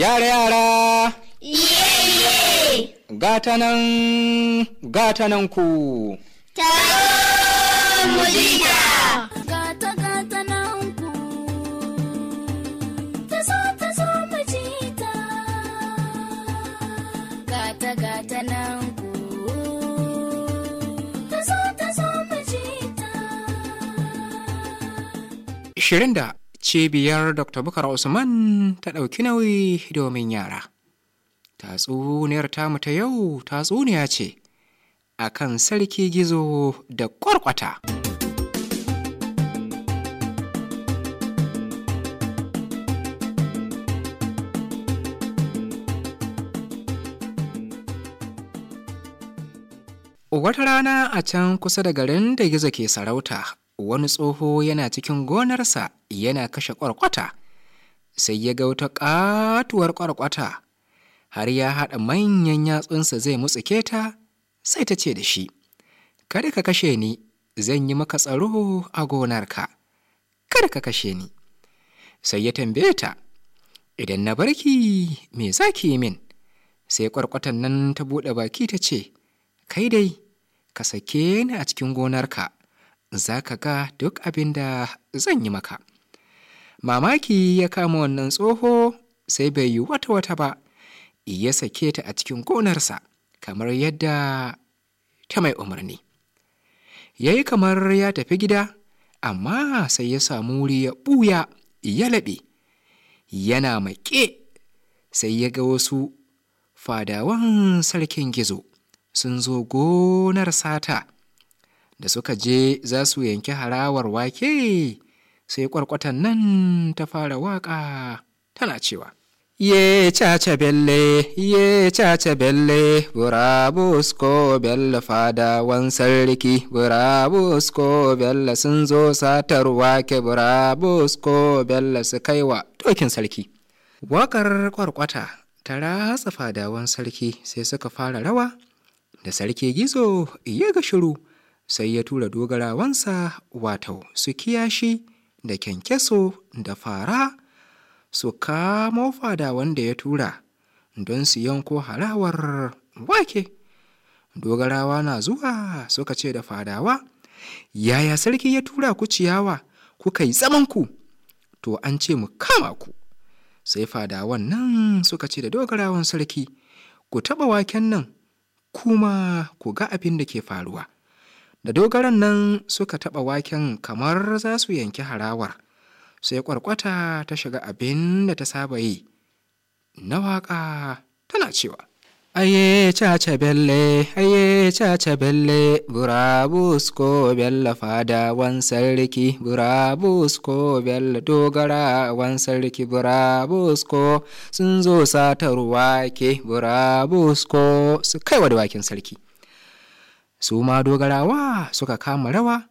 Yara yara! Iye Gata nan, gata nan ku! Taro mujita! Gata gata nan ku! ta tazo mujita! Gata gata nan ku! Tazo Shirin da cibiyar dr bukar usman ta ɗauki nauyi domin yara tatsuniyar tamu ta yau tatsuniya ce a kan sarki gizo da ƙwarƙwata. wata rana a can kusa da garin da gizo ke sarauta wani tsoho yana cikin gonarsa yana kashe ƙwarƙwata sai ya ga wata ƙatuwar ƙwarƙwata har ya haɗa manyan yatsunsa zai mutsuke ta sai ta ce da shi kada ka kashe ni zan yi maka tsaro a gonarka kada ka kashe ni sai ya tambaye ta idan na barki me za ki yi min sai ƙwarƙwatan nan ta buɗe baki ta ce kai dai ka sake ni a cikin gonarka za ka ga duk abin da zan yi maka mamaki ya kama wannan tsoho sai bai yi wata wata ba ya sake ta a cikin gonarsa kamar yadda ta mai umarni ya yi kamar ya tafi gida amma sai ya samu wuri ya ɓuya ya laɓe yana maƙe sai ya ga wasu fadawan sarkin gizo sun zo gonar sata da suka je za su yanki harawar wake sai kwarkwatan nan ta fara waƙa tana cewa ye caca belle ye caca belle ko belle fadawan sarki ko belle sun zo satar wake ko belle su kaiwa dokin sarki wakar kwarkwata ta ratsa fadawan sarki sai suka fara rawa da sarki gizo ya ga shiru sai ya tura dogarawansa wato su kiyashi da kyankyaso da fara su kamo fada wanda ya tura don su yanko harawar wake dogarawa na zuwa suka ce da fadawa yaya sarki ya tura ku ciyawa kuka yi tsamanku to an ce mu kama ku sai fadawan nan suka ce da dogarawan sarki ku taɓa waken nan kuma ku ga abin da ke faruwa da dogaran nan suka taɓa waken kamar za su yanki harawar sai kwarkwata ta shiga abin da ta saba yi na waƙa tana cewa aye caca belle aye caca belle burabusko bella fada wan sarki burabusko bella dogara wan sarki burabusko sun zo satarwa ke burabusko su kaiwa da waken sarki su ma dogarawa suka kama rawa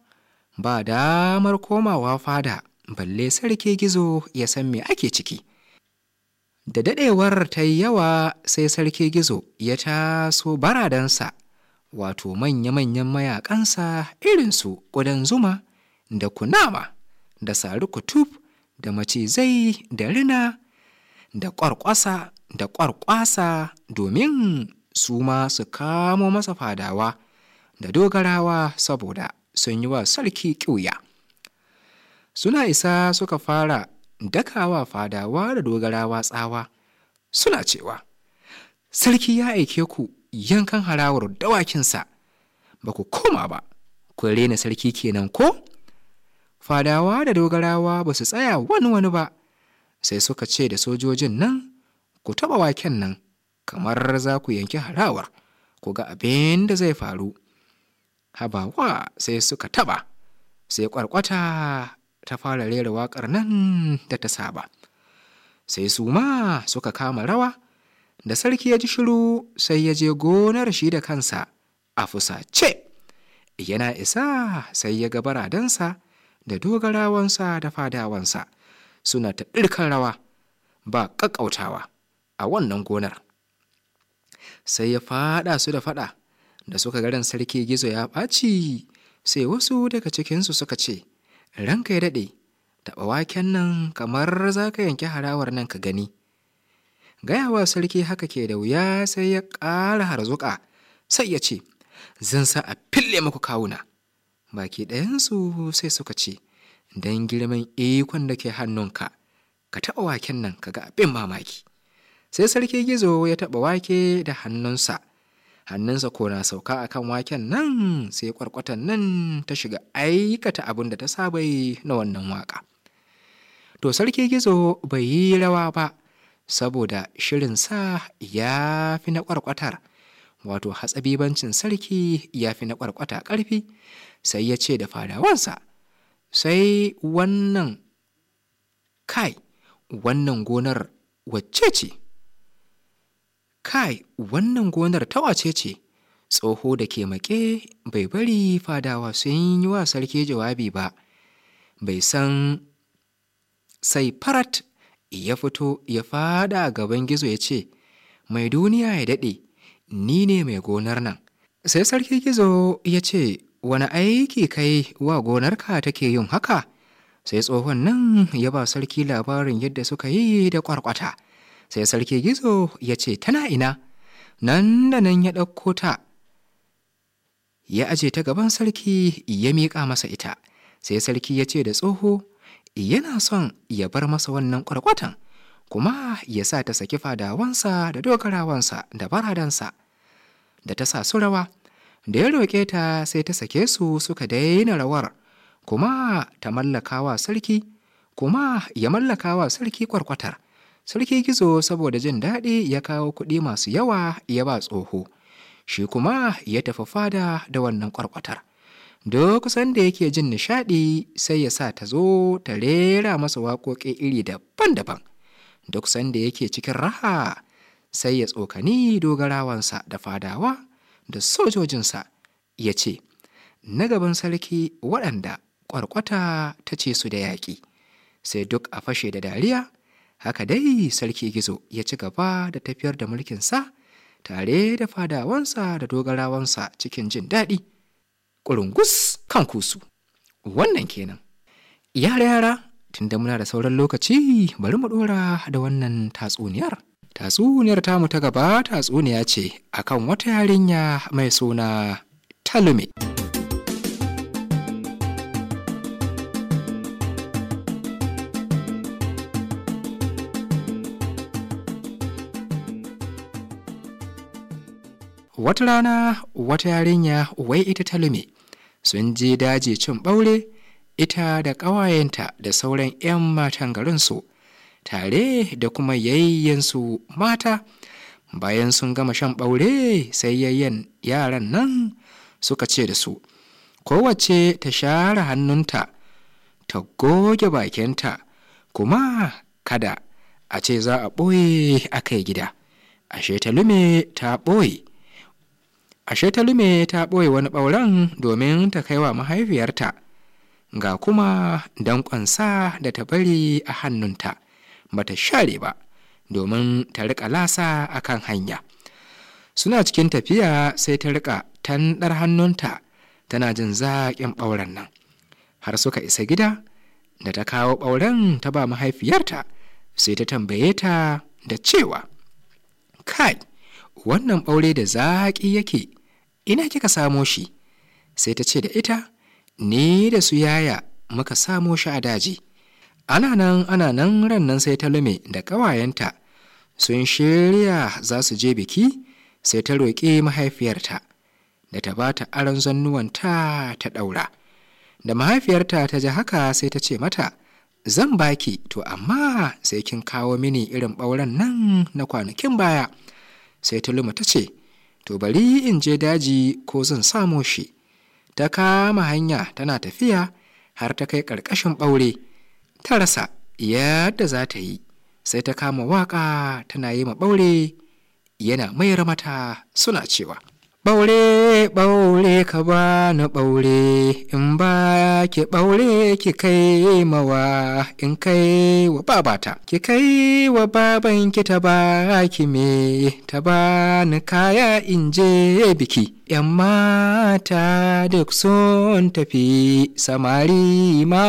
ba damar komawa fada balle sarki gizo ya san me ake ciki da dadewar ta yi yawa sai sarki gizo ya taso baradansa wato manya-manyan mayakansa irinsu ƙudan zuma da kunama da sari kutub da macizai da rina da ƙwarƙwasa da ƙwarƙwasa domin su ma su kamo masa fadawa da dogarawa saboda sun yi wa sarki ƙiuya suna isa suka fara dakawa fadawa da dogarawa tsawa suna cewa sarki ya aike ku yankan harawar dawakinsa ba ku koma ba ku rena sarki kenan ko fadawa da dogarawa ba su tsaya wani wani ba sai suka ce da sojojin nan ku taɓa waken nan kamar za ku yanki harawar ku ga abin da zai faru habawa sai suka taba sai kwarkwata ta fara rera waƙar nan da ta saba sai su ma suka kama rawa da sarki ya ji shiru sai ya je gonar shi da kansa a fusace yana isa sai ya ga baradansa da dogarawansa da fadawansa suna ta ɗirkan rawa ba ƙaƙƙautawa a wannan gonar sai ya faɗa su da faɗa da suka garin sarki gizo ya ɓaci sai wasu daga cikinsu suka ce ranka ya daɗe taɓa waken nan kamar za ka yanki harawar nan ka gani gayawa sarki haka ke da wuya sai ya ƙara harzuƙa sai ya ce zan sa a fille muku kawuna baki ɗayansu sai suka ce don girman ikon da ke hannunka ka taɓa waken nan ka ga abin mamaki sai sarki gizo ya taɓa wake da hannunsa hannunsa ko na sauka a kan waken nan sai kwarkwatan nan ta shiga aikata abin da ta saba na wannan waka to sarki gizo bai yi rawa ba saboda shirinsa ya fi na kwarkwatar wato hatsabibancin sarki ya fi na kwarkwata ƙarfi sai ya ce da fadawansa sai wannan kai wannan gonar wacce ce kai wannan gonar ta wace ce tsoho da ke maƙe bai bari fadawa sun yi wa sarki jawabi ba bai san sai farat ya fito ya fada a gaban gizo ya ce mai duniya ya daɗe ni ne mai gonar nan sai sarki gizo ya ce wani aiki kai wa gonarka take yin haka sai tsohon nan ya ba sarki labarin yadda suka yi da kwarkwata sai sarki gizo ya ce tana ina nan da nan ya ɗauko ta ya aje ta gaban sarki ya miƙa masa ita sai sarki ya ce da tsoho yana son ya bar masa wannan ƙwarƙwatan, kuma ya sa ta saki fadawansa da dogarawansa da baradansa da ta sa su rawa da ya roƙe ta sai ta sake su suka daina rawar kuma ta mallakawa sarki kuma ya mallakawa sarki kwarkwatar sarki gizo saboda jin daɗi ya kawo kuɗi masu yawa ya ba tsoho shi kuma ya tafi fada da wannan ƙwarƙwatar duk sanda yake jin nishaɗi sai ya sa ta zo ta rera masa waƙoƙi iri daban-daban duk sanda yake cikin raha sai ya tsokani dogarawansa da fadawa da sojojinsa ya ce na gaban sarki waɗanda ƙwarƙwata ta ce su da yaƙi sai duk a fashe da dariya haka dai sarki gizo ya ci gaba da tafiyar da mulkinsa tare da fadawansa da dogarawansa cikin jin daɗi ƙurungus kan kusu wannan kenan yara yara tunda muna da sauran lokaci bari mu ɗora da wannan tatsuniyar tatsuniyar tamu ta gaba tatsuniya ce akan wata yarinya mai suna talume. wata rana wata yarinya wai ita ta lume sun je daji cin ɓaure ita da ƙawayenta da sauran 'yan matan garinsu tare da kuma yayyensu mata bayan sun gama shan ɓaure sai yayyen yaran nan suka ce da su kowace ta share hannunta ta goge bakinta kuma kada a ce za a ɓoye a kai gida ashe ta lume ta ɓoye ashe talume ta ɓoye wani ɓauren domin ta kai wa mahaifiyarta ga kuma danƙonsa da ta bari a hannunta ba ta share ba domin ta riƙa lasa a kan hanya suna cikin tafiya sai ta riƙa tanɗar hannunta tana jin zaƙin ɓauren nan har suka isa gida da ta kawo ɓauren ta ba mahaifiyarta sai ta tambaye ta da cewa kai wannan ɓaure da zaƙi yake ina kika samo shi sai ta ce da ita ni da su yaya muka samo shi a daji ana nan ana nan ran nan sai ta lume da ƙawayenta sun shirya za su je biki sai ta roƙi mahaifiyarta da ta ba ta aron zannuwanta ta ɗaura da mahaifiyarta ta ji haka sai ta ce mata zan baki to amma sai kin kawo mini irin ɓauren nan na kwanakin baya sai luma ta ce to bari in je daji ko zan samo shi ta kama hanya tana tafiya har ta kai ƙarƙashin ɓaure ta rasa yadda za ta yi sai ta kama waƙa tana yi ma ɓaure yana mayar mata suna cewa Ɓaure ɓaure ka bani ɓaure in ba ki ɓaure ki kai mawa in kai wa babata. Ki kai wa baban ki ta ba ki me ta ba na kaya in je biki. ‘Yan mata duk sun tafi samari ma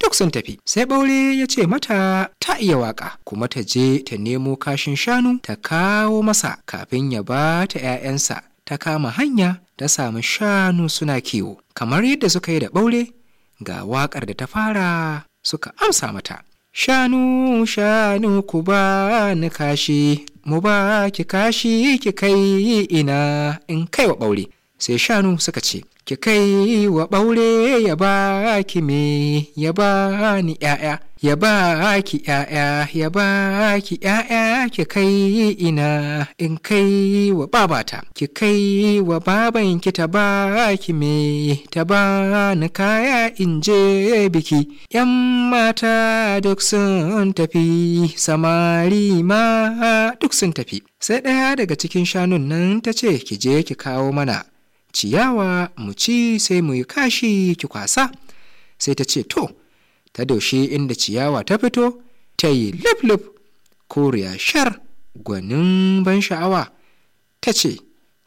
duk sun tafi. Sai ɓaure ya ce mata ta iya waƙa kuma ta je ta nemo kashin shanu ta kawo masa kafin ya ba ta ‘ya'yansa. ta kama hanya ta samu shanu suna kiwo kamar yadda suka yi da ɓaure ga waƙar da ta fara suka amsa mata shanu shanu ku ba ni kashi mu ba ki kashi ki kai ina in kai wa ɓaure sai shanu suka ce ki kai wa ɓaure ya ba ki me ya ba ni ‘ya'ya ya ba ki ‘ya'ya ya ba ki ‘ya'ya ki kai ina in kai wa babata ki kai wa baban ki ta ba ki me ta ba ni kaya in je biki ‘yan mata duk sun tafi samari ma duk sun tafi sai ɗaya daga cikin shanun nan ta ce ki je ki kawo mana ciyawa mu ci sai mu yi kashi ki kwasa sai ta ce to ta doshi inda ciyawa ta fito ta yi lif-lif koriya shar gwanin ban sha'awa ta ce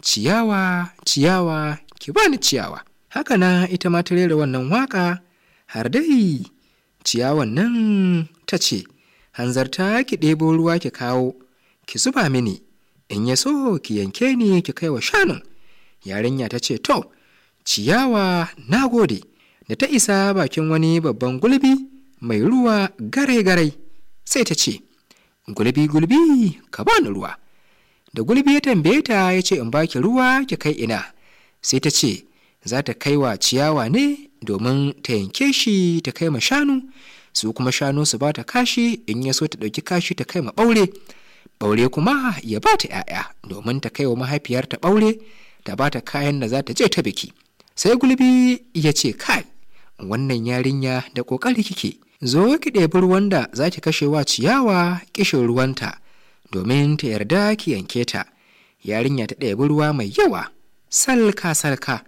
ciyawa ciyawa ki bani ciyawa haka na ita ma ta rera wannan waka har dai ciyawan nan ta ce hanzarta ki ɗebo ruwa ki kawo ki zuba mini in ya so ki yanke ni ki kai wa shanun yarinya ta ce to ciyawa na gode da ta isa bakin wani babban gulbi mai ruwa gare-gare sai ta ce gulbi-gulbi ka bani ruwa da gulbi ya tambaye ta ya ce in baki ruwa ki kai ina sai ta ce za ta kai wa ciyawa ne domin ta yanke shi ta kai ma shanu su kuma shanu su ba ta kashi in ya so ta ɗauki kashi ta kai ma ɓaure ɓaure kuma ya ba ta 'ya'ya domin ta kai wa mahaifiyarta ɓaure ta ba ta kayan da za ta je ta biki sai gulbi ya ce kai wannan yarinya da ƙoƙari kike zo ki ɗebi ruwan da za ki kashe wa ciyawa kishin ruwanta domin ta yarda ki yanke ta yarinya ta ɗebi ruwa mai yawa salka salka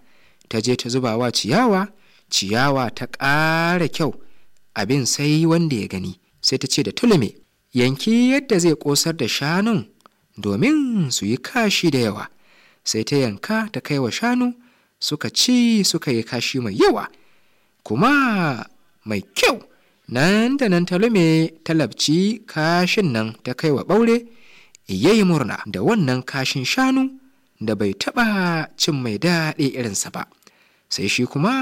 ta je ta zuba wa ciyawa ciyawa ta ƙara kyau abin sai wanda ya gani sai ta ce da tulume yanki yadda zai ƙosar da shanun domin su yi kashi da yawa sai ta yanka ta kai wa shanu suka ci suka yi kashi mai yawa kuma mai kyau nan da nan talume talabci kashin nan ta kai wa ɓaure ya yi murna da wannan kashin shanu da bai taɓa cin mai daɗi irinsa ba sai shi kuma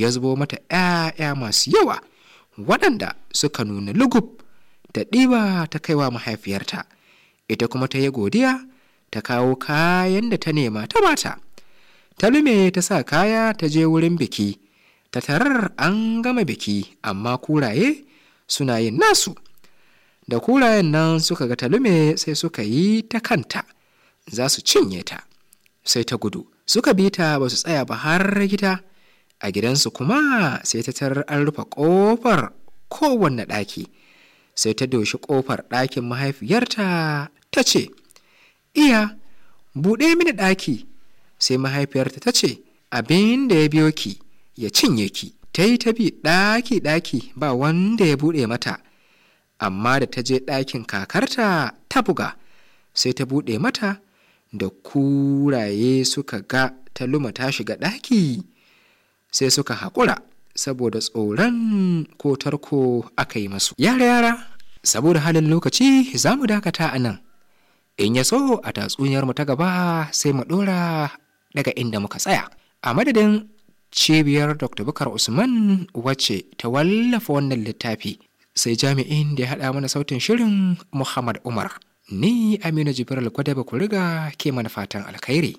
ya zubo mata ‘ya'ya masu yawa waɗanda suka nuna lugub da ɗiba ta kaiwa mahaifiyarta ita kuma ta yi godiya ta kawo kayan da ta nema ta ta talume ta sa kaya ta je wurin biki tatarar an gama biki amma kuraye suna yin nasu da kurayen nan suka ga talume sai suka yi ta kanta za su cinye ta sai ta gudu suka bi ta ba su tsaya ba har gida a gidansu kuma sai ta tarar an rufe ƙofar kowanne ɗaki sai ta doshi ƙofar ɗakin mahaifiyarta ta ce iya buɗe mini ɗaki sai mahaifiyarta ta ce abin da ya biyo ki ya cinye ki ta yi ta bi ɗaki-ɗaki ba wanda ya buɗe mata amma da ta je ɗakin kakarta ta buga sai ta buɗe mata da kuraye suka ga ta luma ta shiga ɗaki sai suka haƙura saboda tsoron ko tarko aka yi masu yara-yara saboda halin lokaci za mu dakata a nan in ya so a tatsuniyarmu ta gaba sai mu ɗora daga inda muka tsaya a madadin cibiyar dr bukar usman wacce ta wallafa wannan littafi sai jami'in da ya haɗa mana sautin shirin muhammad umar ni aminu jibril kwadaba ku riga ke mana fatan alkhairi